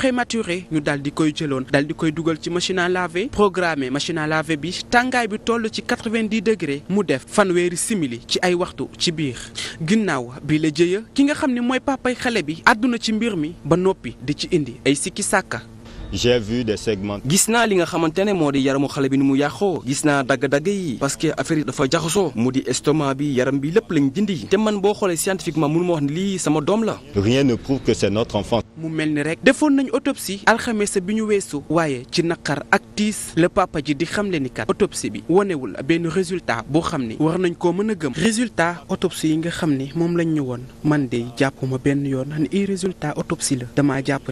prématuré ñu daal di koy jëloon daal di koy dugal ci machine à laver programmé machine à laver bi tàngaay bi toll ci quatre-vingt-dix mu def fanweeri simili ci ay waxtu ci biir ginnaaw bi la jëya ki nga xam ne mooy papay xale bi àdduna ci mbir mi ba noppi di ci indi ay sikki sàkka j'ai vu gis naa li nga xamante ne moo di yaramu xale bi ni mu yàqoo gis naa dagg-dagg yi parce que affaire yi dafa jaxasoo mu di estomac bi yaram bi lépp lañ dindi te man boo xoolee scientifiquement mënu ma wax ne lii sama doom la. rien ne prouve que c'est notre enfant. mu mel ni rek defoon nañ autopsie alxames bi ñu weesu waaye ci naqar ak tiis la papa ji di xamle ni kat autopsie bi wonewul benn résultat boo xam ni war nañ koo mën a gëm résultat autopsie yi nga xam ni moom lañ ñu man de jàppuma benn yoon ni résultat autopsie la jàpp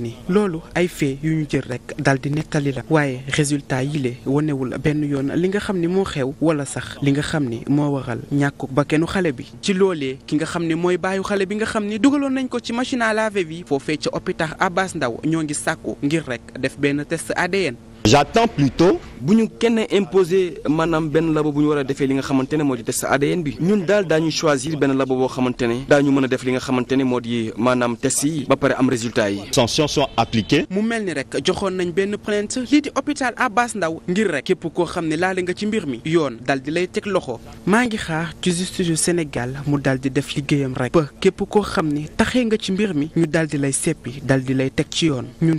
rek dal di nettali la waaye résultat yi le wonewul benn yoon li nga xam ni moo xew wala sax li nga xam ni moo waral ñàkk ba kenn xale bi ci loolee ki nga xam ne mooy bàyyi xale bi nga xam ni dugaloon nañ ko ci machine à laver bi foofee ca hôpital Abass ndaw ñoo ngi sàkku ngir rek def benn test ADN j'attends plutôt. bu ñu kenn imposé maanaam benn labo bu ñu war a defee li nga xamante ne moo di test ADN bi ñun daal daañu choisir benn labo boo xamante ne daañu mën a def li nga xamante ne moo di maanaam test yi ba pare am résultat yi. sanctions sont appliquées. mu mel ni rek joxoon nañ benn plainte lii di hôpital Abass ndaw ngir rek képp koo xam ne laale nga ci mbir mi yoon dal di lay teg loxo maa ngi xaar ci justice Sénégal mu dal di def liggéeyam rek ba képp koo xam ne taxee nga ci mbir mi ñu dal di lay seppi dal di lay teg ci yoon ñun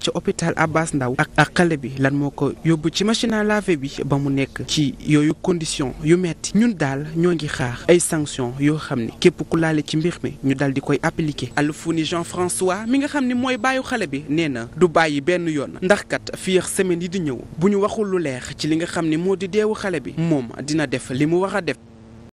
ci hôpital Abbas ndaw ak ak xale bi lan moo ko yóbbu ci machine à laver bi ba mu nekk ci yooyu condition yu metti ñun daal ñoo ngi xaar ay sanctions yoo xam ne képp ku laale ci mbir mi ñu dal di koy appliquer. Alfouni Jean François mi nga xam ne mooy baayu xale bi nee na du bàyyi benn yoon ndax kat fii ak semaine yi di ñëw bu ñu waxul lu leex ci li nga xam ne moo di deewu xale bi moom dina def li mu wax a def.